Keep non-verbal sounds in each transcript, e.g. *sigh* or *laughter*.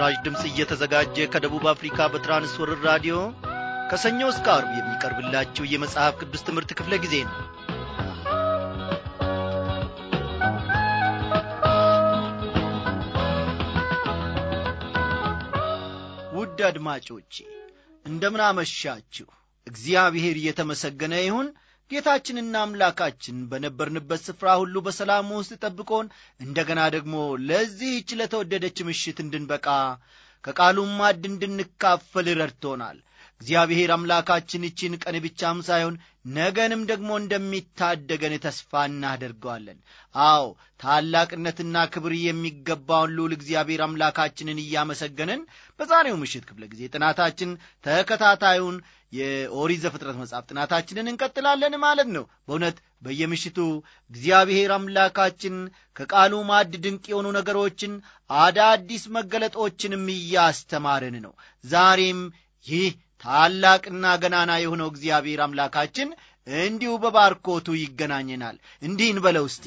ለምሥራች ድምፅ እየተዘጋጀ ከደቡብ አፍሪካ በትራንስወርር ራዲዮ ከሰኞ እስከ ዓርብ የሚቀርብላችሁ የመጽሐፍ ቅዱስ ትምህርት ክፍለ ጊዜ ነው። ውድ አድማጮቼ እንደምን አመሻችሁ። እግዚአብሔር እየተመሰገነ ይሁን። ጌታችንና አምላካችን በነበርንበት ስፍራ ሁሉ በሰላም ውስጥ ጠብቆን እንደገና ደግሞ ለዚህች ለተወደደች ምሽት እንድንበቃ ከቃሉም ማዕድ እንድንካፈል ረድቶናል። እግዚአብሔር አምላካችን ይችን ቀን ብቻም ሳይሆን ነገንም ደግሞ እንደሚታደገን ተስፋ እናደርገዋለን። አዎ ታላቅነትና ክብር የሚገባውን ልዑል እግዚአብሔር አምላካችንን እያመሰገንን በዛሬው ምሽት ክፍለ ጊዜ ጥናታችን ተከታታዩን የኦሪት ዘፍጥረት መጽሐፍ ጥናታችንን እንቀጥላለን ማለት ነው። በእውነት በየምሽቱ እግዚአብሔር አምላካችን ከቃሉ ማዕድ ድንቅ የሆኑ ነገሮችን አዳዲስ መገለጦችንም እያስተማርን ነው። ዛሬም ይህ ታላቅና ገናና የሆነው እግዚአብሔር አምላካችን እንዲሁ በባርኮቱ ይገናኘናል። እንዲህን እንበለው እስቲ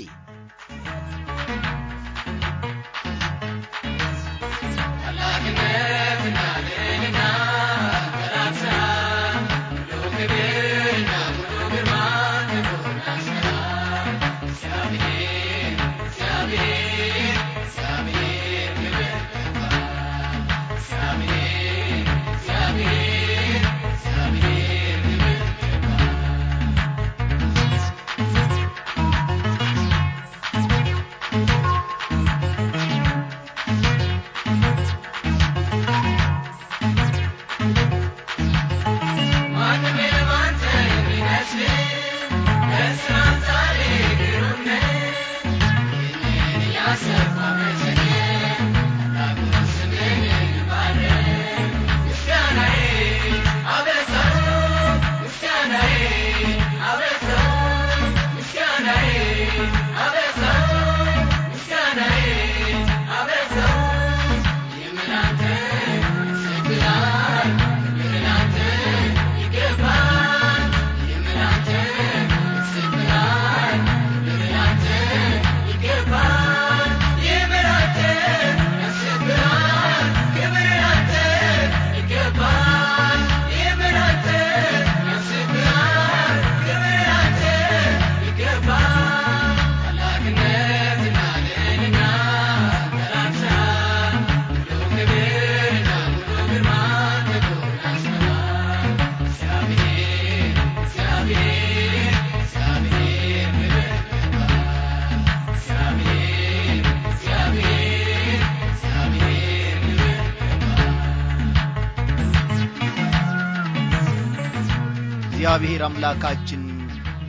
አምላካችን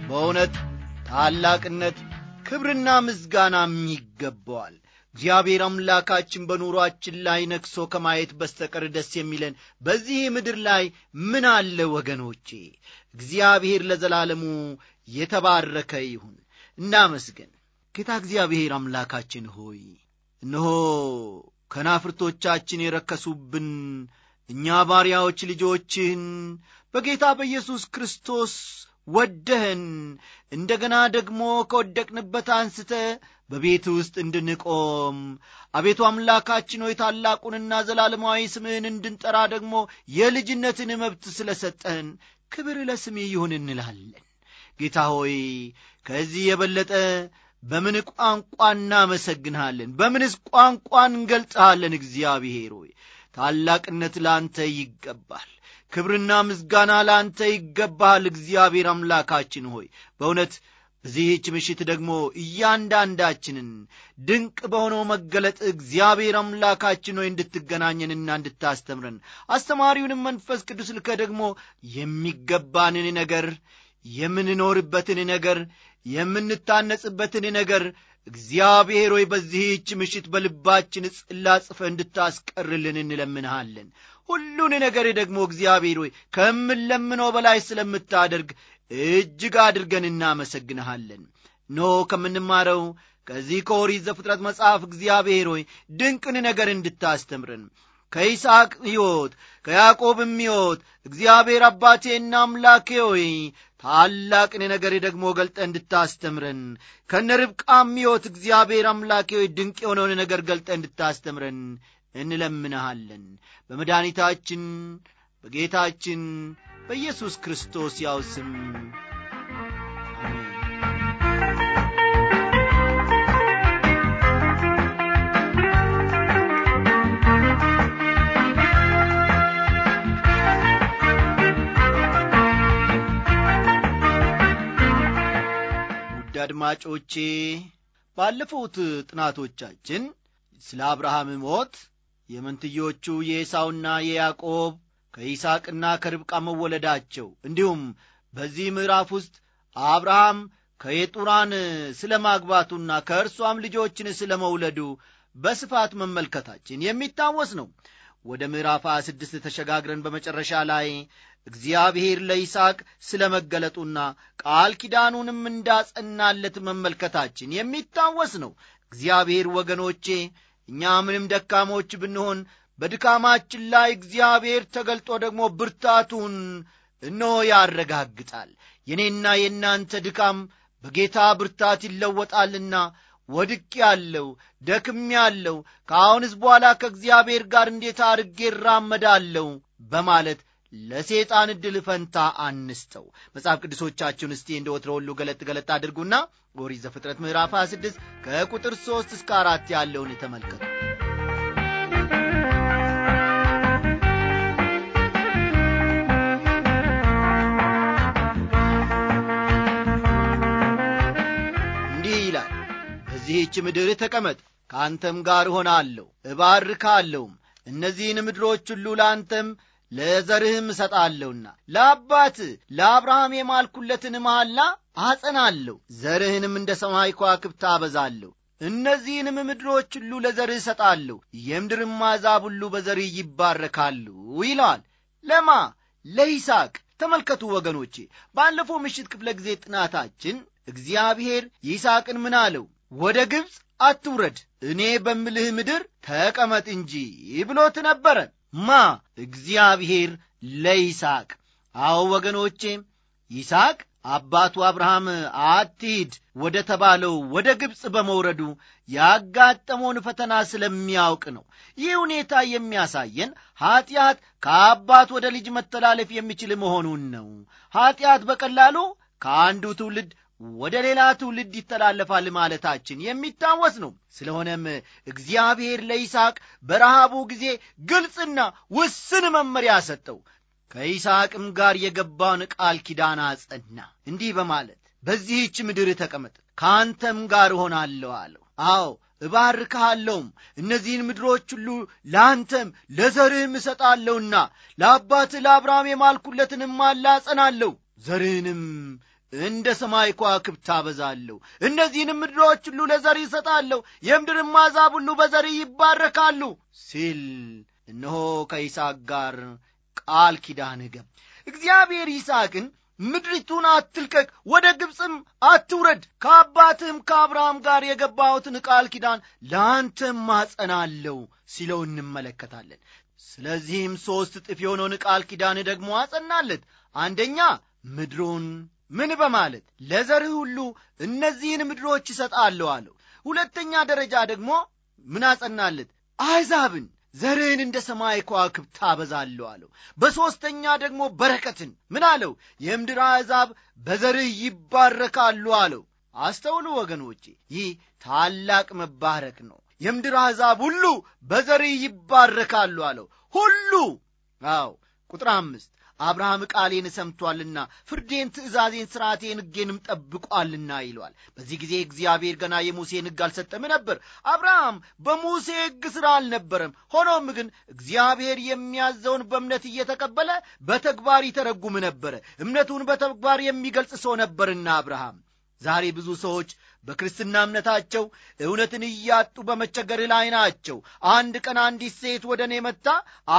በእውነት ታላቅነት ክብርና ምስጋናም ይገባዋል እግዚአብሔር አምላካችን በኑሯችን ላይ ነግሶ ከማየት በስተቀር ደስ የሚለን በዚህ ምድር ላይ ምን አለ ወገኖቼ እግዚአብሔር ለዘላለሙ የተባረከ ይሁን እናመስገን ጌታ እግዚአብሔር አምላካችን ሆይ እነሆ ከናፍርቶቻችን የረከሱብን እኛ ባሪያዎች ልጆችህን በጌታ በኢየሱስ ክርስቶስ ወደህን እንደ ገና ደግሞ ከወደቅንበት አንስተ በቤት ውስጥ እንድንቆም አቤቱ አምላካችን ሆይ ታላቁንና ዘላለማዊ ስምህን እንድንጠራ ደግሞ የልጅነትን መብት ስለ ሰጠህን ክብር ለስሜ ይሁን እንላለን። ጌታ ሆይ ከዚህ የበለጠ በምን ቋንቋ እናመሰግንሃለን? በምንስ ቋንቋ እንገልጠሃለን እግዚአብሔር ሆይ ታላቅነት ለአንተ ይገባል። ክብርና ምስጋና ለአንተ ይገባል እግዚአብሔር አምላካችን ሆይ በእውነት በዚህች ምሽት ደግሞ እያንዳንዳችንን ድንቅ በሆነው መገለጥ እግዚአብሔር አምላካችን ሆይ እንድትገናኘንና እንድታስተምረን አስተማሪውንም መንፈስ ቅዱስ ልከ ደግሞ የሚገባንን ነገር የምንኖርበትን ነገር የምንታነጽበትን ነገር እግዚአብሔር ሆይ በዚህች ምሽት በልባችን ጽላጽፈ እንድታስቀርልን እንለምንሃለን። ሁሉን ነገር ደግሞ እግዚአብሔር ሆይ ከምንለምነው በላይ ስለምታደርግ እጅግ አድርገን እናመሰግንሃለን። ኖ ከምንማረው ከዚህ ከኦሪት ዘፍጥረት መጽሐፍ እግዚአብሔር ሆይ ድንቅን ነገር እንድታስተምርን ከይስሐቅ ሕይወት ከያዕቆብም ሕይወት እግዚአብሔር አባቴና አምላኬ ሆይ ታላቅን ነገር ደግሞ ገልጠ እንድታስተምረን ከነ ርብቃም ሕይወት እግዚአብሔር አምላኬ ድንቅ የሆነውን ነገር ገልጠ እንድታስተምረን እንለምንሃለን በመድኃኒታችን በጌታችን በኢየሱስ ክርስቶስ ያው ስም አድማጮቼ ባለፉት ጥናቶቻችን ስለ አብርሃም ሞት የምንትዮቹ የኤሳውና የያዕቆብ ከይስቅና ከርብቃ መወለዳቸው እንዲሁም በዚህ ምዕራፍ ውስጥ አብርሃም ከየጡራን ስለ ማግባቱና ከእርሷም ልጆችን ስለ መውለዱ በስፋት መመልከታችን የሚታወስ ነው። ወደ ምዕራፍ 26 ተሸጋግረን በመጨረሻ ላይ እግዚአብሔር ለይስሐቅ ስለ መገለጡና ቃል ኪዳኑንም እንዳጸናለት መመልከታችን የሚታወስ ነው። እግዚአብሔር ወገኖቼ፣ እኛ ምንም ደካሞች ብንሆን በድካማችን ላይ እግዚአብሔር ተገልጦ ደግሞ ብርታቱን እኖ ያረጋግጣል። የእኔና የእናንተ ድካም በጌታ ብርታት ይለወጣልና ወድቅ ያለው ደክም ያለው ከአሁንስ በኋላ ከእግዚአብሔር ጋር እንዴት አርጌ እራመዳለሁ በማለት ለሰይጣን ዕድል ፈንታ አንስተው። መጽሐፍ ቅዱሶቻችሁን እስቲ እንደ ወትሮ ሁሉ ገለጥ ገለጥ አድርጉና ኦሪት ዘፍጥረት ምዕራፍ 26 ከቁጥር 3 እስከ 4 ያለውን ተመልከቱ። እንዲህ ይላል፣ በዚህች ምድር ተቀመጥ፣ ከአንተም ጋር እሆናለሁ፣ እባርካለሁም፣ እነዚህን ምድሮች ሁሉ ለአንተም ለዘርህም እሰጣለሁና ለአባት ለአብርሃም የማልኩለትን መሐላ አጸናለሁ፣ ዘርህንም እንደ ሰማይ ከዋክብት አበዛለሁ፣ እነዚህንም ምድሮች ሁሉ ለዘርህ እሰጣለሁ፣ የምድርም አዛብ ሁሉ በዘርህ ይባረካሉ ይለዋል። ለማ ለይስቅ ተመልከቱ ወገኖቼ፣ ባለፈው ምሽት ክፍለ ጊዜ ጥናታችን እግዚአብሔር ይስቅን ምን አለው? ወደ ግብፅ አትውረድ፣ እኔ በምልህ ምድር ተቀመጥ እንጂ ብሎት ነበረን። ማ እግዚአብሔር ለይስሐቅ አዎ ወገኖቼ ይስሐቅ አባቱ አብርሃም አትሂድ ወደ ተባለው ወደ ግብፅ በመውረዱ ያጋጠመውን ፈተና ስለሚያውቅ ነው። ይህ ሁኔታ የሚያሳየን ኀጢአት ከአባት ወደ ልጅ መተላለፍ የሚችል መሆኑን ነው። ኀጢአት በቀላሉ ከአንዱ ትውልድ ወደ ሌላ ትውልድ ይተላለፋል ማለታችን የሚታወስ ነው። ስለሆነም እግዚአብሔር ለይስሐቅ በረሃቡ ጊዜ ግልጽና ውስን መመሪያ ሰጠው። ከይስሐቅም ጋር የገባውን ቃል ኪዳን አጸና፣ እንዲህ በማለት በዚህች ምድር ተቀመጥ ከአንተም ጋር እሆናለሁ አለው። አዎ እባርክሃለውም እነዚህን ምድሮች ሁሉ ለአንተም ለዘርህም እሰጣለሁና ለአባትህ ለአብርሃም የማልኩለትንም አላጸናለሁ ዘርህንም እንደ ሰማይ ከዋክብት አበዛለሁ፣ እነዚህንም ምድሮች ሁሉ ለዘር ይሰጣለሁ፣ የምድርም አሕዛብ ሁሉ በዘር ይባረካሉ ሲል እነሆ ከይስሐቅ ጋር ቃል ኪዳን ገብ እግዚአብሔር ይስሐቅን ምድሪቱን አትልቀቅ፣ ወደ ግብፅም አትውረድ፣ ከአባትህም ከአብርሃም ጋር የገባሁትን ቃል ኪዳን ለአንተም ማጸናለው ሲለው እንመለከታለን። ስለዚህም ሦስት እጥፍ የሆነውን ቃል ኪዳን ደግሞ አጸናለት። አንደኛ ምድሩን ምን በማለት ለዘርህ ሁሉ እነዚህን ምድሮች ይሰጣለሁ አለው። ሁለተኛ ደረጃ ደግሞ ምን አጸናለት? አሕዛብን ዘርህን እንደ ሰማይ ከዋክብ ታበዛለሁ አለው። በሦስተኛ ደግሞ በረከትን ምን አለው? የምድር አሕዛብ በዘርህ ይባረካሉ አለው። አስተውሉ ወገኖቼ፣ ይህ ታላቅ መባረክ ነው። የምድር አሕዛብ ሁሉ በዘርህ ይባረካሉ አለው። ሁሉ አዎ ቁጥር አምስት አብርሃም ቃሌን ሰምቷልና ፍርዴን፣ ትእዛዜን፣ ሥርዓቴን፣ ሕጌንም ጠብቋልና ይለዋል። በዚህ ጊዜ እግዚአብሔር ገና የሙሴን ሕግ አልሰጠም ነበር። አብርሃም በሙሴ ሕግ ሥራ አልነበረም። ሆኖም ግን እግዚአብሔር የሚያዘውን በእምነት እየተቀበለ በተግባር ይተረጉም ነበረ። እምነቱን በተግባር የሚገልጽ ሰው ነበርና አብርሃም ዛሬ ብዙ ሰዎች በክርስትና እምነታቸው እውነትን እያጡ በመቸገር ላይ ናቸው። አንድ ቀን አንዲት ሴት ወደ እኔ መጥታ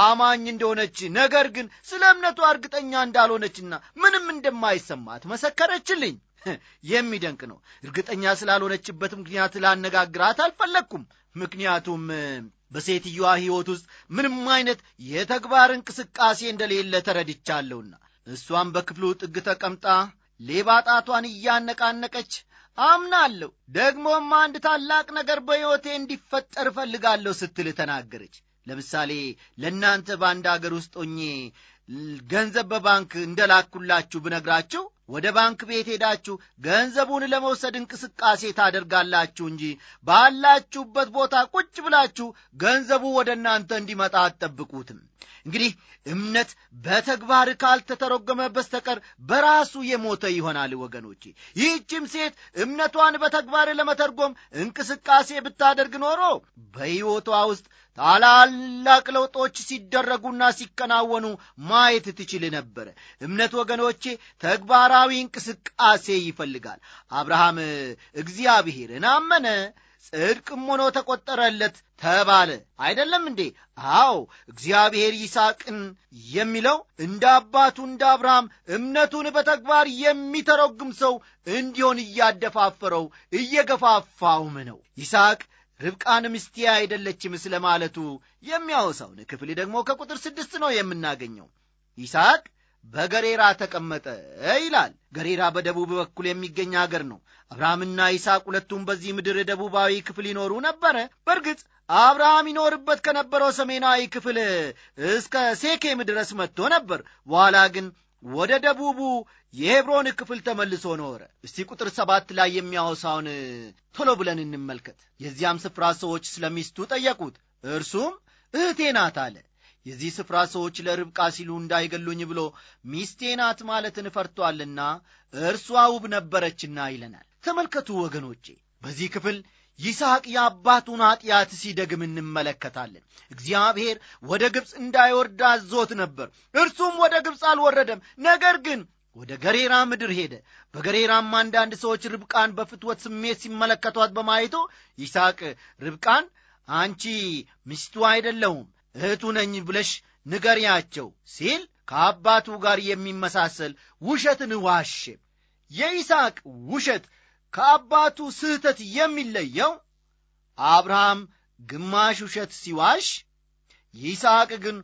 አማኝ እንደሆነች ነገር ግን ስለ እምነቷ እርግጠኛ እንዳልሆነችና ምንም እንደማይሰማት መሰከረችልኝ። *laughs* የሚደንቅ ነው። እርግጠኛ ስላልሆነችበት ምክንያት ላነጋግራት አልፈለግኩም። ምክንያቱም በሴትዮዋ ሕይወት ውስጥ ምንም አይነት የተግባር እንቅስቃሴ እንደሌለ ተረድቻለሁና እሷም በክፍሉ ጥግ ተቀምጣ ሌባ ጣቷን እያነቃነቀች አምናለሁ፣ ደግሞም አንድ ታላቅ ነገር በሕይወቴ እንዲፈጠር እፈልጋለሁ ስትል ተናገረች። ለምሳሌ ለእናንተ በአንድ አገር ውስጥ ሆኜ ገንዘብ በባንክ እንደላኩላችሁ ብነግራችሁ ወደ ባንክ ቤት ሄዳችሁ ገንዘቡን ለመውሰድ እንቅስቃሴ ታደርጋላችሁ እንጂ ባላችሁበት ቦታ ቁጭ ብላችሁ ገንዘቡ ወደ እናንተ እንዲመጣ አትጠብቁትም። እንግዲህ እምነት በተግባር ካልተተረጎመ በስተቀር በራሱ የሞተ ይሆናል። ወገኖቼ ይህችም ሴት እምነቷን በተግባር ለመተርጎም እንቅስቃሴ ብታደርግ ኖሮ በሕይወቷ ውስጥ ታላላቅ ለውጦች ሲደረጉና ሲከናወኑ ማየት ትችል ነበረ። እምነት ወገኖቼ ተግባራ ተግባራዊ እንቅስቃሴ ይፈልጋል። አብርሃም እግዚአብሔርን አመነ ጽድቅም ሆኖ ተቆጠረለት ተባለ። አይደለም እንዴ? አዎ እግዚአብሔር ይስሐቅን የሚለው እንደ አባቱ እንደ አብርሃም እምነቱን በተግባር የሚተረጉም ሰው እንዲሆን እያደፋፈረው እየገፋፋውም ነው። ይስሐቅ ርብቃን ሚስቴ አይደለችም ስለ ማለቱ የሚያወሳውን ክፍል ደግሞ ከቁጥር ስድስት ነው የምናገኘው። ይስሐቅ በገሬራ ተቀመጠ ይላል። ገሬራ በደቡብ በኩል የሚገኝ አገር ነው። አብርሃምና ይስሐቅ ሁለቱም በዚህ ምድር ደቡባዊ ክፍል ይኖሩ ነበረ። በእርግጥ አብርሃም ይኖርበት ከነበረው ሰሜናዊ ክፍል እስከ ሴኬም ድረስ መጥቶ ነበር። በኋላ ግን ወደ ደቡቡ የሄብሮን ክፍል ተመልሶ ኖረ። እስቲ ቁጥር ሰባት ላይ የሚያወሳውን ቶሎ ብለን እንመልከት። የዚያም ስፍራ ሰዎች ስለሚስቱ ጠየቁት። እርሱም እህቴ ናት አለ። የዚህ ስፍራ ሰዎች ለርብቃ ሲሉ እንዳይገሉኝ ብሎ ሚስቴ ናት ማለትን እፈርቷልና እርሷ ውብ ነበረችና ይለናል። ተመልከቱ ወገኖቼ፣ በዚህ ክፍል ይስሐቅ የአባቱን ኀጢአት ሲደግም እንመለከታለን። እግዚአብሔር ወደ ግብፅ እንዳይወርድ አዞት ነበር። እርሱም ወደ ግብፅ አልወረደም። ነገር ግን ወደ ገሬራ ምድር ሄደ። በገሬራም አንዳንድ ሰዎች ርብቃን በፍትወት ስሜት ሲመለከቷት በማየቱ ይስሐቅ ርብቃን አንቺ ሚስቱ አይደለሁም እህቱ ነኝ ብለሽ ንገሪያቸው ሲል ከአባቱ ጋር የሚመሳሰል ውሸትን ዋሸ። የይስሐቅ ውሸት ከአባቱ ስህተት የሚለየው አብርሃም ግማሽ ውሸት ሲዋሽ፣ ይስሐቅ ግን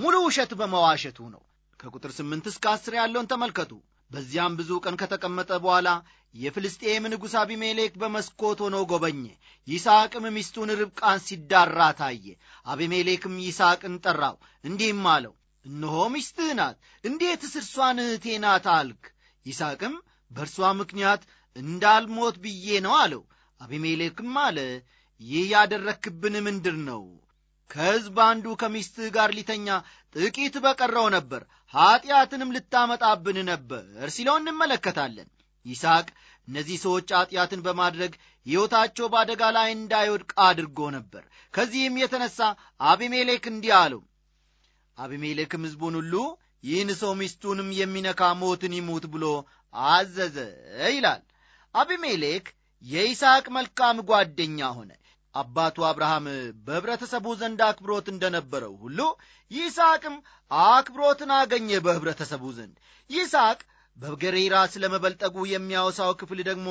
ሙሉ ውሸት በመዋሸቱ ነው። ከቁጥር ስምንት እስከ አስር ያለውን ተመልከቱ። በዚያም ብዙ ቀን ከተቀመጠ በኋላ የፍልስጤም ንጉሥ አቢሜሌክ በመስኮት ሆኖ ጎበኘ። ይስሐቅም ሚስቱን ርብቃን ሲዳራ ታየ። አቢሜሌክም ይስሐቅን ጠራው፣ እንዲህም አለው፣ እነሆ ሚስትህ ናት፣ እንዴት ስርሷን እህቴ ናት አልክ? ይስሐቅም በእርሷ ምክንያት እንዳልሞት ብዬ ነው አለው። አቢሜሌክም አለ፣ ይህ ያደረክብን ምንድር ነው? ከሕዝብ አንዱ ከሚስትህ ጋር ሊተኛ ጥቂት በቀረው ነበር ኀጢአትንም ልታመጣብን ነበር ሲለው እንመለከታለን። ይስሐቅ እነዚህ ሰዎች ኀጢአትን በማድረግ ሕይወታቸው በአደጋ ላይ እንዳይወድቅ አድርጎ ነበር። ከዚህም የተነሳ አቢሜሌክ እንዲህ አለው። አቢሜሌክም ሕዝቡን ሁሉ ይህን ሰው ሚስቱንም የሚነካ ሞትን ይሙት ብሎ አዘዘ ይላል። አቢሜሌክ የይስሐቅ መልካም ጓደኛ ሆነ። አባቱ አብርሃም በኅብረተሰቡ ዘንድ አክብሮት እንደነበረው ሁሉ ይስሐቅም አክብሮትን አገኘ በኅብረተሰቡ ዘንድ። ይስሐቅ በገሬራ ስለ መበልጠጉ የሚያወሳው ክፍል ደግሞ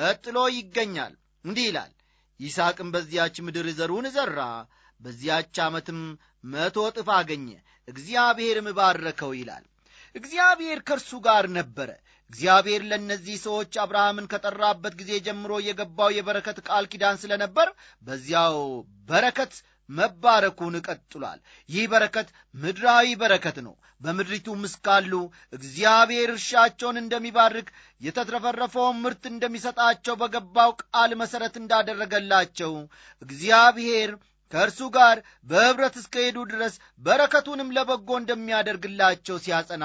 ቀጥሎ ይገኛል። እንዲህ ይላል፣ ይስሐቅም በዚያች ምድር ዘሩን ዘራ፣ በዚያች ዓመትም መቶ ጥፍ አገኘ፣ እግዚአብሔርም ባረከው ይላል። እግዚአብሔር ከእርሱ ጋር ነበረ። እግዚአብሔር ለእነዚህ ሰዎች አብርሃምን ከጠራበት ጊዜ ጀምሮ የገባው የበረከት ቃል ኪዳን ስለነበር በዚያው በረከት መባረኩን ቀጥሏል። ይህ በረከት ምድራዊ በረከት ነው። በምድሪቱም እስካሉ እግዚአብሔር እርሻቸውን እንደሚባርክ የተትረፈረፈውን ምርት እንደሚሰጣቸው በገባው ቃል መሠረት እንዳደረገላቸው እግዚአብሔር ከእርሱ ጋር በኅብረት እስከሄዱ ድረስ በረከቱንም ለበጎ እንደሚያደርግላቸው ሲያጸና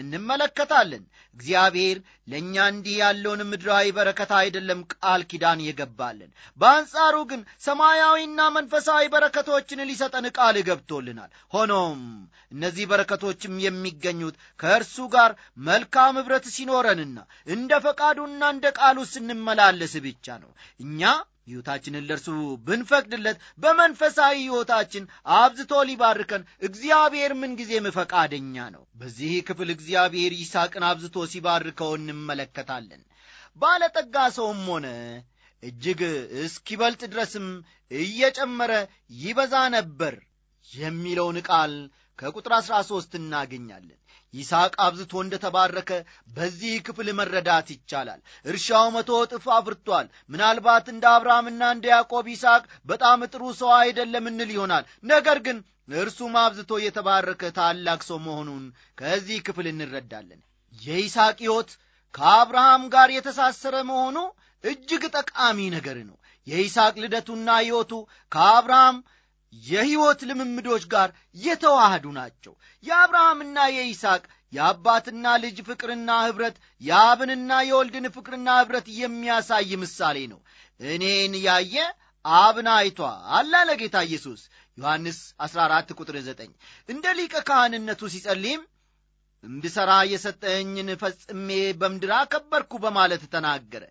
እንመለከታለን። እግዚአብሔር ለእኛ እንዲህ ያለውን ምድራዊ በረከት አይደለም ቃል ኪዳን የገባልን። በአንጻሩ ግን ሰማያዊና መንፈሳዊ በረከቶችን ሊሰጠን ቃል ገብቶልናል። ሆኖም እነዚህ በረከቶችም የሚገኙት ከእርሱ ጋር መልካም ኅብረት ሲኖረንና እንደ ፈቃዱና እንደ ቃሉ ስንመላለስ ብቻ ነው እኛ ሕይወታችንን ለእርሱ ብንፈቅድለት በመንፈሳዊ ሕይወታችን አብዝቶ ሊባርከን እግዚአብሔር ምንጊዜም ፈቃደኛ ነው። በዚህ ክፍል እግዚአብሔር ይስሐቅን አብዝቶ ሲባርከው እንመለከታለን። ባለጠጋ ሰውም ሆነ እጅግ እስኪበልጥ ድረስም እየጨመረ ይበዛ ነበር የሚለውን ቃል ከቁጥር ዐሥራ ሦስት እናገኛለን። ይስሐቅ አብዝቶ እንደ ተባረከ በዚህ ክፍል መረዳት ይቻላል። እርሻው መቶ እጥፍ አፍርቷል። ምናልባት እንደ አብርሃምና እንደ ያዕቆብ ይስሐቅ በጣም ጥሩ ሰው አይደለም እንል ይሆናል። ነገር ግን እርሱም አብዝቶ የተባረከ ታላቅ ሰው መሆኑን ከዚህ ክፍል እንረዳለን። የይስሐቅ ሕይወት ከአብርሃም ጋር የተሳሰረ መሆኑ እጅግ ጠቃሚ ነገር ነው። የይስሐቅ ልደቱና ሕይወቱ ከአብርሃም የሕይወት ልምምዶች ጋር የተዋህዱ ናቸው። የአብርሃምና የይስሐቅ የአባትና ልጅ ፍቅርና ኅብረት የአብንና የወልድን ፍቅርና ኅብረት የሚያሳይ ምሳሌ ነው። እኔን ያየ አብን አይቷል አለ ጌታ ኢየሱስ ዮሐንስ 14 ቁጥር 9 እንደ ሊቀ ካህንነቱ ሲጸልይም እንድሠራ የሰጠኝን ፈጽሜ በምድር አከበርኩ በማለት ተናገረ።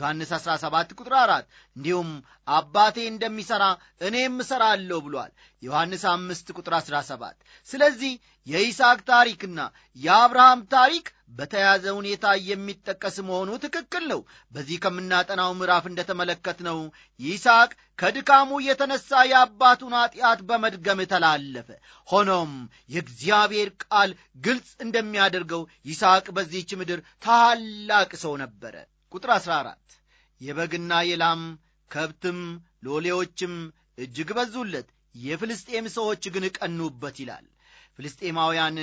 ዮሐንስ 17 ቁጥር 4 እንዲሁም አባቴ እንደሚሠራ እኔም እሠራለሁ ብሏል ዮሐንስ 5 ቁጥር 17 ስለዚህ የይስሐቅ ታሪክና የአብርሃም ታሪክ በተያዘ ሁኔታ የሚጠቀስ መሆኑ ትክክል ነው በዚህ ከምናጠናው ምዕራፍ እንደተመለከትነው ይስሐቅ ከድካሙ የተነሳ የአባቱን ኀጢአት በመድገም ተላለፈ ሆኖም የእግዚአብሔር ቃል ግልጽ እንደሚያደርገው ይስሐቅ በዚህች ምድር ታላቅ ሰው ነበረ ቁጥር 14 የበግና የላም ከብትም ሎሌዎችም እጅግ በዙለት፣ የፍልስጤም ሰዎች ግን ቀኑበት ይላል። ፍልስጤማውያን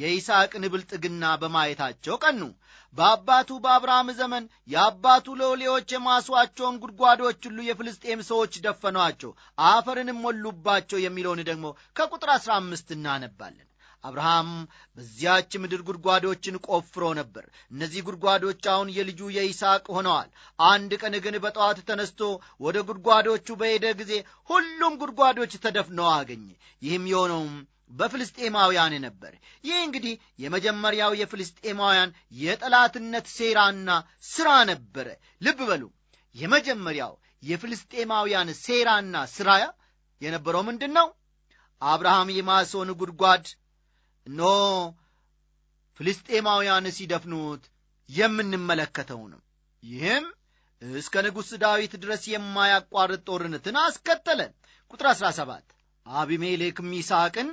የይስቅን ብልጥግና በማየታቸው ቀኑ። በአባቱ በአብርሃም ዘመን የአባቱ ሎሌዎች የማስዋቸውን ጉድጓዶች ሁሉ የፍልስጤም ሰዎች ደፈኗቸው፣ አፈርንም ሞሉባቸው የሚለውን ደግሞ ከቁጥር አሥራ አምስት እናነባለን። አብርሃም በዚያች ምድር ጉድጓዶችን ቆፍሮ ነበር። እነዚህ ጉድጓዶች አሁን የልጁ የይስሐቅ ሆነዋል። አንድ ቀን ግን በጠዋት ተነስቶ ወደ ጉድጓዶቹ በሄደ ጊዜ ሁሉም ጉድጓዶች ተደፍነው አገኘ። ይህም የሆነውም በፍልስጤማውያን ነበር። ይህ እንግዲህ የመጀመሪያው የፍልስጤማውያን የጠላትነት ሴራና ሥራ ነበረ። ልብ በሉ፣ የመጀመሪያው የፍልስጤማውያን ሴራና ሥራ የነበረው ምንድን ነው? አብርሃም የማሶን ጉድጓድ ኖ ፍልስጤማውያን ሲደፍኑት የምንመለከተው ነው። ይህም እስከ ንጉሥ ዳዊት ድረስ የማያቋርጥ ጦርነትን አስከተለ። ቁጥር 17 አቢሜሌክም ይስቅን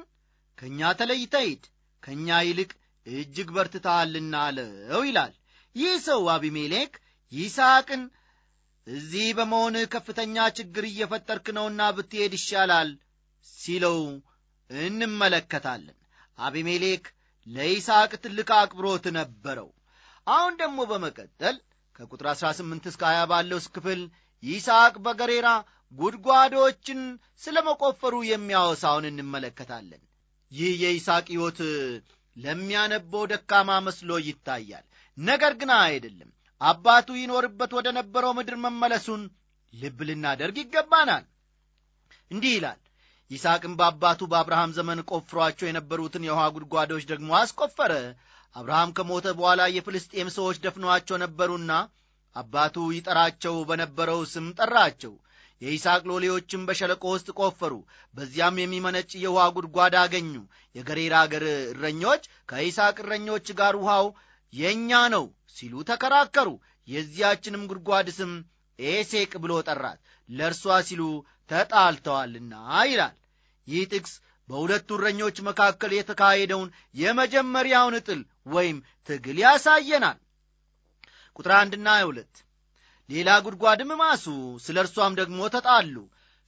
ከእኛ ተለይተ ሂድ፣ ከእኛ ይልቅ እጅግ በርትታልና አለው ይላል። ይህ ሰው አቢሜሌክ ይስቅን እዚህ በመሆን ከፍተኛ ችግር እየፈጠርክ ነውና ብትሄድ ይሻላል ሲለው እንመለከታለን። አቢሜሌክ ለይስሐቅ ትልቅ አክብሮት ነበረው። አሁን ደግሞ በመቀጠል ከቁጥር 18 እስከ 20 ባለው ክፍል ይስሐቅ በገሬራ ጉድጓዶችን ስለ መቆፈሩ የሚያወሳውን እንመለከታለን። ይህ የይስሐቅ ሕይወት ለሚያነበው ደካማ መስሎ ይታያል። ነገር ግን አይደለም። አባቱ ይኖርበት ወደ ነበረው ምድር መመለሱን ልብ ልናደርግ ይገባናል። እንዲህ ይላል ይስሐቅም በአባቱ በአብርሃም ዘመን ቆፍሯቸው የነበሩትን የውሃ ጉድጓዶች ደግሞ አስቆፈረ። አብርሃም ከሞተ በኋላ የፍልስጤም ሰዎች ደፍነዋቸው ነበሩና አባቱ ይጠራቸው በነበረው ስም ጠራቸው። የይስሐቅ ሎሌዎችም በሸለቆ ውስጥ ቆፈሩ። በዚያም የሚመነጭ የውሃ ጉድጓድ አገኙ። የገሬራ አገር እረኞች ከይስሐቅ እረኞች ጋር ውሃው የእኛ ነው ሲሉ ተከራከሩ። የዚያችንም ጉድጓድ ስም ኤሴቅ ብሎ ጠራት፣ ለእርሷ ሲሉ ተጣልተዋልና ይላል። ይህ ጥቅስ በሁለቱ እረኞች መካከል የተካሄደውን የመጀመሪያውን ጥል ወይም ትግል ያሳየናል። ቁጥር አንድና ሁለት ሌላ ጉድጓድም ማሱ፣ ስለ እርሷም ደግሞ ተጣሉ፣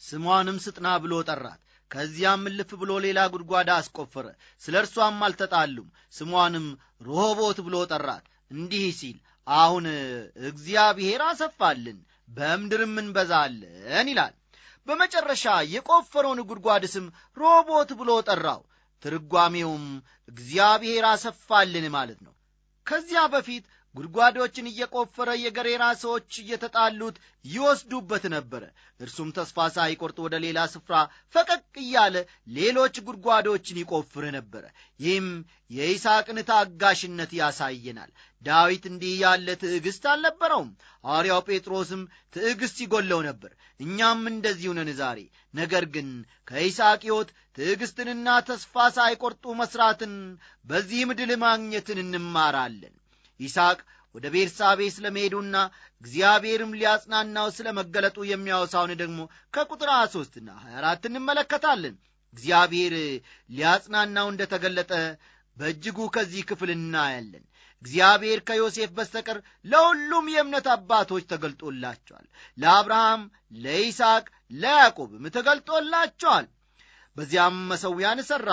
ስሟንም ስጥና ብሎ ጠራት። ከዚያም ልፍ ብሎ ሌላ ጉድጓድ አስቆፈረ፣ ስለ እርሷም አልተጣሉም፣ ስሟንም ሮሆቦት ብሎ ጠራት፣ እንዲህ ሲል አሁን እግዚአብሔር አሰፋልን፣ በምድርም እንበዛለን ይላል። በመጨረሻ የቆፈረውን ጉድጓድ ስም ሮቦት ብሎ ጠራው። ትርጓሜውም እግዚአብሔር አሰፋልን ማለት ነው። ከዚያ በፊት ጉድጓዶችን እየቆፈረ የገሬራ ሰዎች እየተጣሉት ይወስዱበት ነበረ። እርሱም ተስፋ ሳይቆርጥ ወደ ሌላ ስፍራ ፈቀቅ እያለ ሌሎች ጉድጓዶችን ይቆፍር ነበረ። ይህም የይስቅን ታጋሽነት ያሳየናል። ዳዊት እንዲህ ያለ ትዕግሥት አልነበረውም። አርያው ጴጥሮስም ትዕግሥት ይጎለው ነበር። እኛም እንደዚሁ ነን ዛሬ። ነገር ግን ከይስቅ ሕይወት ትዕግሥትንና ተስፋ ሳይቆርጡ መሥራትን በዚህ ምድል ማግኘትን እንማራለን። ይስሐቅ ወደ ቤርሳቤ ስለመሄዱና እግዚአብሔርም ሊያጽናናው ስለ መገለጡ የሚያወሳውን ደግሞ ከቁጥር 23ና 24 እንመለከታለን። እግዚአብሔር ሊያጽናናው እንደ ተገለጠ በእጅጉ ከዚህ ክፍል እናያለን። እግዚአብሔር ከዮሴፍ በስተቀር ለሁሉም የእምነት አባቶች ተገልጦላቸዋል። ለአብርሃም፣ ለይስሐቅ፣ ለያዕቆብም ተገልጦላቸዋል። በዚያም መሰውያን ሠራ፣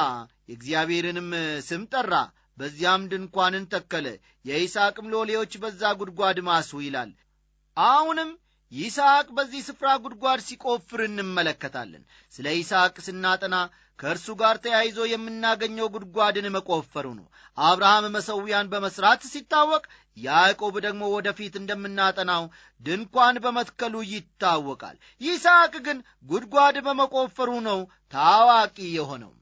የእግዚአብሔርንም ስም ጠራ፣ በዚያም ድንኳንን ተከለ፣ የይስሐቅም ሎሌዎች በዛ ጉድጓድ ማሱ ይላል። አሁንም ይስሐቅ በዚህ ስፍራ ጉድጓድ ሲቆፍር እንመለከታለን። ስለ ይስሐቅ ስናጠና ከእርሱ ጋር ተያይዞ የምናገኘው ጉድጓድን መቆፈሩ ነው። አብርሃም መሠዊያን በመሥራት ሲታወቅ፣ ያዕቆብ ደግሞ ወደፊት እንደምናጠናው ድንኳን በመትከሉ ይታወቃል። ይስሐቅ ግን ጉድጓድ በመቆፈሩ ነው ታዋቂ የሆነው።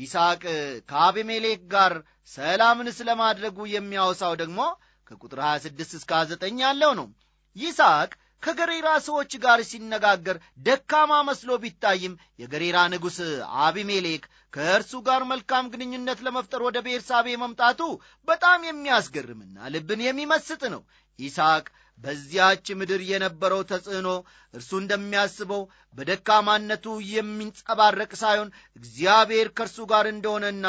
ይስሐቅ ከአቤሜሌክ ጋር ሰላምን ማድረጉ የሚያወሳው ደግሞ ከቁጥር 26 እስከ 29 ያለው ነው። ይስሐቅ ከገሬራ ሰዎች ጋር ሲነጋገር ደካማ መስሎ ቢታይም የገሬራ ንጉሥ አቢሜሌክ ከእርሱ ጋር መልካም ግንኙነት ለመፍጠር ወደ ቤርሳቤ መምጣቱ በጣም የሚያስገርምና ልብን የሚመስጥ ነው። ይስሐቅ በዚያች ምድር የነበረው ተጽዕኖ እርሱ እንደሚያስበው በደካማነቱ የሚንጸባረቅ ሳይሆን እግዚአብሔር ከእርሱ ጋር እንደሆነና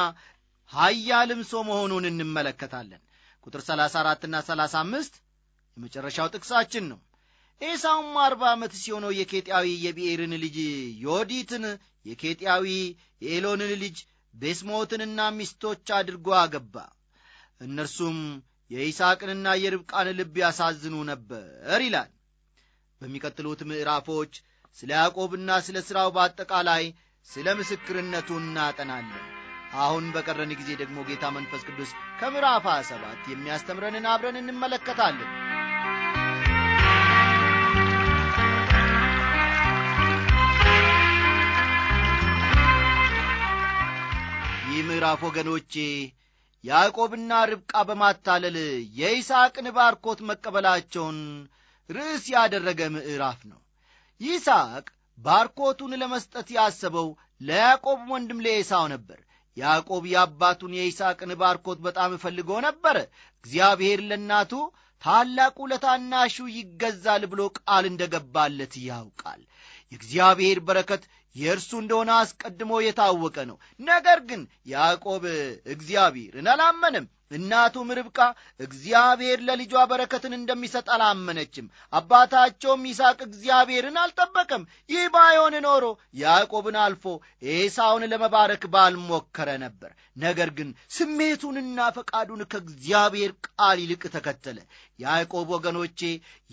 ኃያልም ሰው መሆኑን እንመለከታለን። ቁጥር 34ና 35 የመጨረሻው ጥቅሳችን ነው። ኤሳውም አርባ ዓመት ሲሆነው የኬጢያዊ የብኤርን ልጅ ዮዲትን የኬጢያዊ የኤሎንን ልጅ ቤስሞትንና ሚስቶች አድርጎ አገባ። እነርሱም የይስሐቅንና የርብቃን ልብ ያሳዝኑ ነበር ይላል። በሚቀጥሉት ምዕራፎች ስለ ያዕቆብና ስለ ሥራው በአጠቃላይ ስለ ምስክርነቱ እናጠናለን። አሁን በቀረን ጊዜ ደግሞ ጌታ መንፈስ ቅዱስ ከምዕራፍ ሰባት የሚያስተምረንን አብረን እንመለከታለን። ይህ ምዕራፍ ወገኖቼ ያዕቆብና ርብቃ በማታለል የይስሐቅን ባርኮት መቀበላቸውን ርዕስ ያደረገ ምዕራፍ ነው። ይስሐቅ ባርኮቱን ለመስጠት ያሰበው ለያዕቆብ ወንድም ለኤሳው ነበር። ያዕቆብ የአባቱን የይስሐቅን ባርኮት በጣም እፈልጎ ነበር። እግዚአብሔር ለእናቱ ታላቁ ለታናሹ ይገዛል ብሎ ቃል እንደገባለት ያውቃል። የእግዚአብሔር በረከት የእርሱ እንደሆነ አስቀድሞ የታወቀ ነው ነገር ግን ያዕቆብ እግዚአብሔርን አላመነም። እናቱም ርብቃ እግዚአብሔር ለልጇ በረከትን እንደሚሰጥ አላመነችም። አባታቸውም ይስሐቅ እግዚአብሔርን አልጠበቀም። ይህ ባይሆን ኖሮ ያዕቆብን አልፎ ኤሳውን ለመባረክ ባልሞከረ ነበር። ነገር ግን ስሜቱንና ፈቃዱን ከእግዚአብሔር ቃል ይልቅ ተከተለ። ያዕቆብ ወገኖቼ፣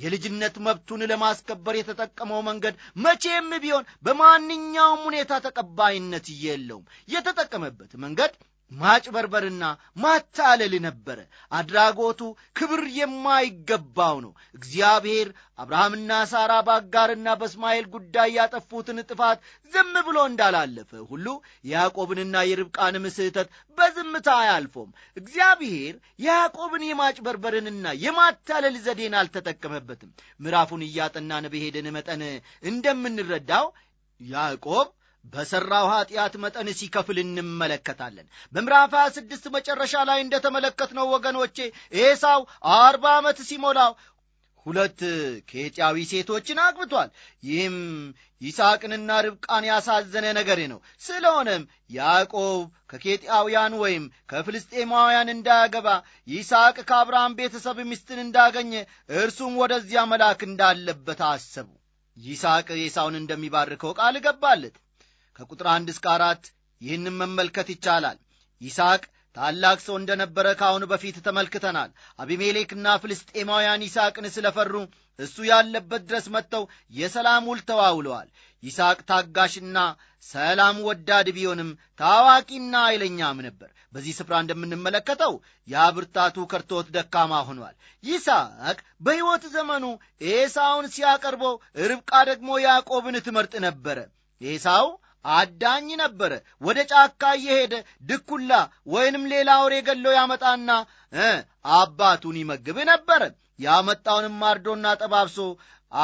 የልጅነት መብቱን ለማስከበር የተጠቀመው መንገድ መቼም ቢሆን በማንኛውም ሁኔታ ተቀባይነት የለውም። የተጠቀመበት መንገድ ማጭበርበርና ማታለል ነበረ። አድራጎቱ ክብር የማይገባው ነው። እግዚአብሔር አብርሃምና ሳራ በአጋርና በእስማኤል ጉዳይ ያጠፉትን ጥፋት ዝም ብሎ እንዳላለፈ ሁሉ የያዕቆብንና የርብቃንም ስህተት በዝምታ አያልፎም። እግዚአብሔር የያዕቆብን የማጭበርበርንና የማታለል ዘዴን አልተጠቀመበትም። ምዕራፉን እያጠናን በሄደን መጠን እንደምንረዳው ያዕቆብ በሠራው ኀጢአት መጠን ሲከፍል እንመለከታለን። በምዕራፍ 26 መጨረሻ ላይ ነው ወገኖቼ ኤሳው አርባ ዓመት ሲሞላው ሁለት ኬጢያዊ ሴቶችን አግብቷል። ይህም ይስሐቅንና ርብቃን ያሳዘነ ነገር ነው። ስለሆነም ያዕቆብ ከኬጢያውያን ወይም ከፍልስጤማውያን እንዳያገባ ይስሐቅ ከአብርሃም ቤተሰብ ሚስትን እንዳገኘ እርሱም ወደዚያ መላክ እንዳለበት አሰቡ። ይስሐቅ ኤሳውን እንደሚባርከው ቃል ገባለት። ከቁጥር አንድ እስከ አራት ይህንም መመልከት ይቻላል። ይስሐቅ ታላቅ ሰው እንደነበረ ከአሁን በፊት ተመልክተናል። አቢሜሌክና ፍልስጤማውያን ይስሐቅን ስለፈሩ እሱ ያለበት ድረስ መጥተው የሰላም ውል ተዋውለዋል። ይስሐቅ ታጋሽና ሰላም ወዳድ ቢሆንም ታዋቂና አይለኛም ነበር። በዚህ ስፍራ እንደምንመለከተው የአብርታቱ ከርቶት ደካማ ሆኗል። ይስሐቅ በሕይወት ዘመኑ ኤሳውን ሲያቀርበው፣ ርብቃ ደግሞ ያዕቆብን ትመርጥ ነበረ። ኤሳው አዳኝ ነበረ። ወደ ጫካ እየሄደ ድኩላ ወይንም ሌላ አውሬ ገሎ ያመጣና አባቱን ይመግብ ነበረ። ያመጣውንም አርዶና ጠባብሶ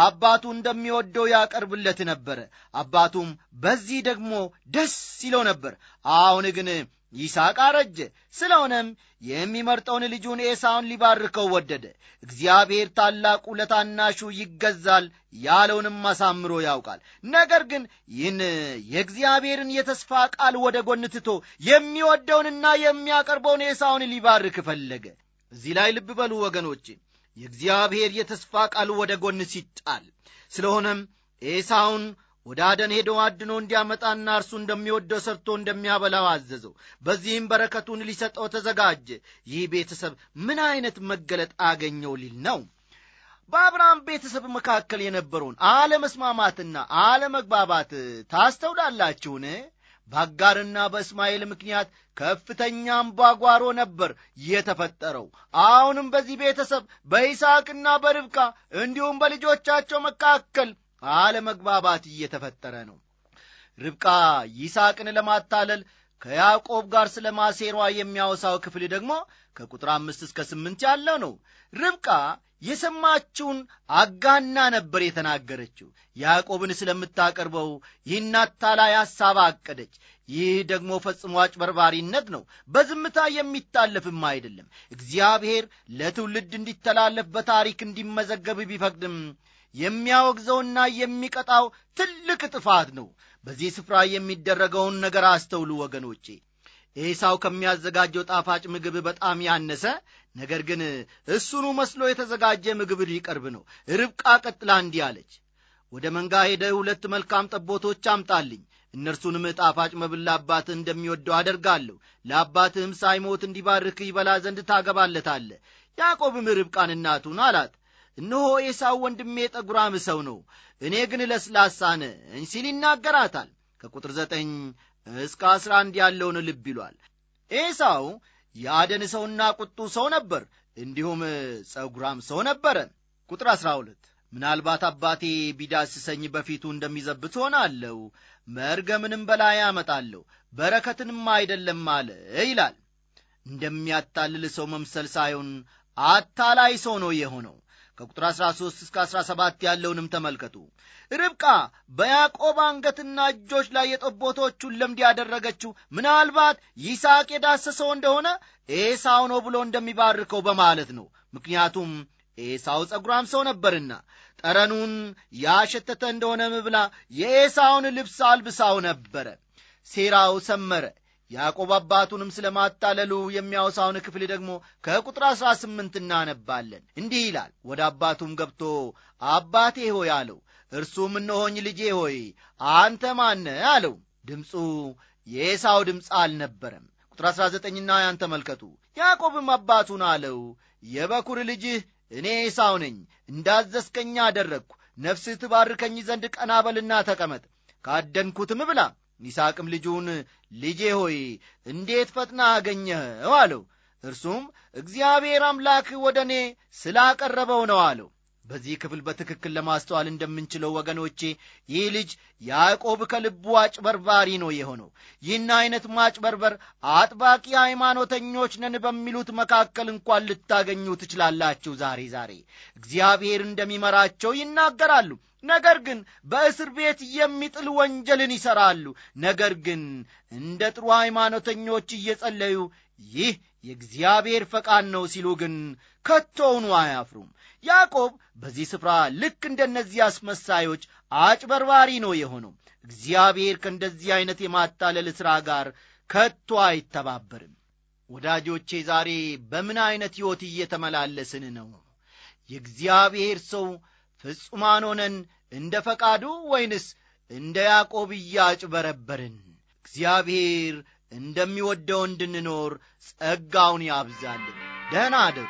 አባቱ እንደሚወደው ያቀርብለት ነበረ። አባቱም በዚህ ደግሞ ደስ ይለው ነበር። አሁን ግን ይስሐቅ አረጀ። ስለሆነም የሚመርጠውን ልጁን ኤሳውን ሊባርከው ወደደ። እግዚአብሔር ታላቁ ለታናሹ ይገዛል ያለውንም አሳምሮ ያውቃል። ነገር ግን ይህን የእግዚአብሔርን የተስፋ ቃል ወደ ጎን ትቶ የሚወደውንና የሚያቀርበውን ኤሳውን ሊባርክ ፈለገ። እዚህ ላይ ልብ በሉ ወገኖች፣ የእግዚአብሔር የተስፋ ቃል ወደ ጎን ሲጣል ስለሆነም ኤሳውን ወደ አደን ሄዶ አድኖ እንዲያመጣና እርሱ እንደሚወደው ሰርቶ እንደሚያበላው አዘዘው። በዚህም በረከቱን ሊሰጠው ተዘጋጀ። ይህ ቤተሰብ ምን አይነት መገለጥ አገኘው ሊል ነው። በአብርሃም ቤተሰብ መካከል የነበረውን አለመስማማትና አለመግባባት ታስተውላላችሁን? በአጋርና በእስማኤል ምክንያት ከፍተኛ አምባጓሮ ነበር የተፈጠረው። አሁንም በዚህ ቤተሰብ በይስሐቅና በርብቃ እንዲሁም በልጆቻቸው መካከል አለመግባባት እየተፈጠረ ነው። ርብቃ ይስሐቅን ለማታለል ከያዕቆብ ጋር ስለ ማሴሯ የሚያወሳው ክፍል ደግሞ ከቁጥር አምስት እስከ ስምንት ያለው ነው። ርብቃ የሰማችውን አጋና ነበር የተናገረችው። ያዕቆብን ስለምታቀርበው ይህን አታላይ ሐሳብ አቀደች። ይህ ደግሞ ፈጽሞ አጭበርባሪነት ነው። በዝምታ የሚታለፍም አይደለም። እግዚአብሔር ለትውልድ እንዲተላለፍ በታሪክ እንዲመዘገብ ቢፈቅድም የሚያወግዘውና የሚቀጣው ትልቅ ጥፋት ነው። በዚህ ስፍራ የሚደረገውን ነገር አስተውሉ ወገኖቼ። ኤሳው ከሚያዘጋጀው ጣፋጭ ምግብ በጣም ያነሰ ነገር ግን እሱኑ መስሎ የተዘጋጀ ምግብ ሊቀርብ ነው። ርብቃ ቀጥላ እንዲህ አለች፣ ወደ መንጋ ሄደ ሁለት መልካም ጠቦቶች አምጣልኝ። እነርሱንም ጣፋጭ መብል ለአባትህ እንደሚወደው አደርጋለሁ። ለአባትህም ሳይሞት እንዲባርክ ይበላ ዘንድ ታገባለታለ ያዕቆብም ርብቃን እናቱን አላት እነሆ ኤሳው ወንድሜ ጠጒራም ሰው ነው፣ እኔ ግን ለስላሳ ነኝ ሲል ይናገራታል። ከቁጥር ዘጠኝ እስከ አስራ አንድ ያለውን ልብ ይሏል። ኤሳው የአደን ሰውና ቁጡ ሰው ነበር፣ እንዲሁም ጸጉራም ሰው ነበረ። ቁጥር አስራ ሁለት ምናልባት አባቴ ቢዳስሰኝ በፊቱ እንደሚዘብት ሆናለሁ፣ መርገምንም በላይ አመጣለሁ፣ በረከትንም አይደለም አለ ይላል። እንደሚያታልል ሰው መምሰል ሳይሆን አታላይ ሰው ነው የሆነው። ከቁጥር 13 እስከ 17 ያለውንም ተመልከቱ። ርብቃ በያዕቆብ አንገትና እጆች ላይ የጠቦቶቹን ለምድ ያደረገችው ምናልባት ይስሐቅ የዳሰሰው እንደሆነ ኤሳው ነው ብሎ እንደሚባርከው በማለት ነው። ምክንያቱም ኤሳው ጸጉራም ሰው ነበርና ጠረኑን ያሸተተ እንደሆነ ብላ የኤሳውን ልብስ አልብሳው ነበረ። ሴራው ሰመረ። ያዕቆብ አባቱንም ስለ ማታለሉ የሚያወሳውን ክፍል ደግሞ ከቁጥር አሥራ ስምንት እናነባለን። እንዲህ ይላል፣ ወደ አባቱም ገብቶ አባቴ ሆይ አለው። እርሱም እነሆኝ ልጄ ሆይ አንተ ማነ አለው። ድምፁ የኤሳው ድምፅ አልነበረም። ቁጥር አሥራ ዘጠኝና ያን ተመልከቱ። ያዕቆብም አባቱን አለው፣ የበኩር ልጅህ እኔ ኤሳው ነኝ። እንዳዘዝከኝ አደረግሁ። ነፍስህ ትባርከኝ ዘንድ ቀና በልና ተቀመጥ፣ ካደንኩትም ብላ ይስሐቅም ልጁን ልጄ ሆይ እንዴት ፈጥና አገኘኸው አለው። እርሱም እግዚአብሔር አምላክ ወደ እኔ ስላቀረበው ነው አለው። በዚህ ክፍል በትክክል ለማስተዋል እንደምንችለው ወገኖቼ ይህ ልጅ ያዕቆብ ከልቡ አጭበርባሪ ነው የሆነው። ይህን ዐይነት ማጭበርበር አጥባቂ ሃይማኖተኞች ነን በሚሉት መካከል እንኳን ልታገኙ ትችላላችሁ። ዛሬ ዛሬ እግዚአብሔር እንደሚመራቸው ይናገራሉ። ነገር ግን በእስር ቤት የሚጥል ወንጀልን ይሠራሉ። ነገር ግን እንደ ጥሩ ሃይማኖተኞች እየጸለዩ ይህ የእግዚአብሔር ፈቃድ ነው ሲሉ ግን ከቶውኑ አያፍሩም። ያዕቆብ በዚህ ስፍራ ልክ እንደነዚህ አስመሳዮች አጭበርባሪ ነው የሆነው። እግዚአብሔር ከእንደዚህ ዐይነት የማታለል ሥራ ጋር ከቶ አይተባበርም። ወዳጆቼ ዛሬ በምን ዐይነት ሕይወት እየተመላለስን ነው? የእግዚአብሔር ሰው ፍጹማን ሆነን እንደ ፈቃዱ ወይንስ እንደ ያዕቆብ እያጭበረበርን? እግዚአብሔር እንደሚወደው እንድንኖር ጸጋውን ያብዛልን። ደህና አደሩ።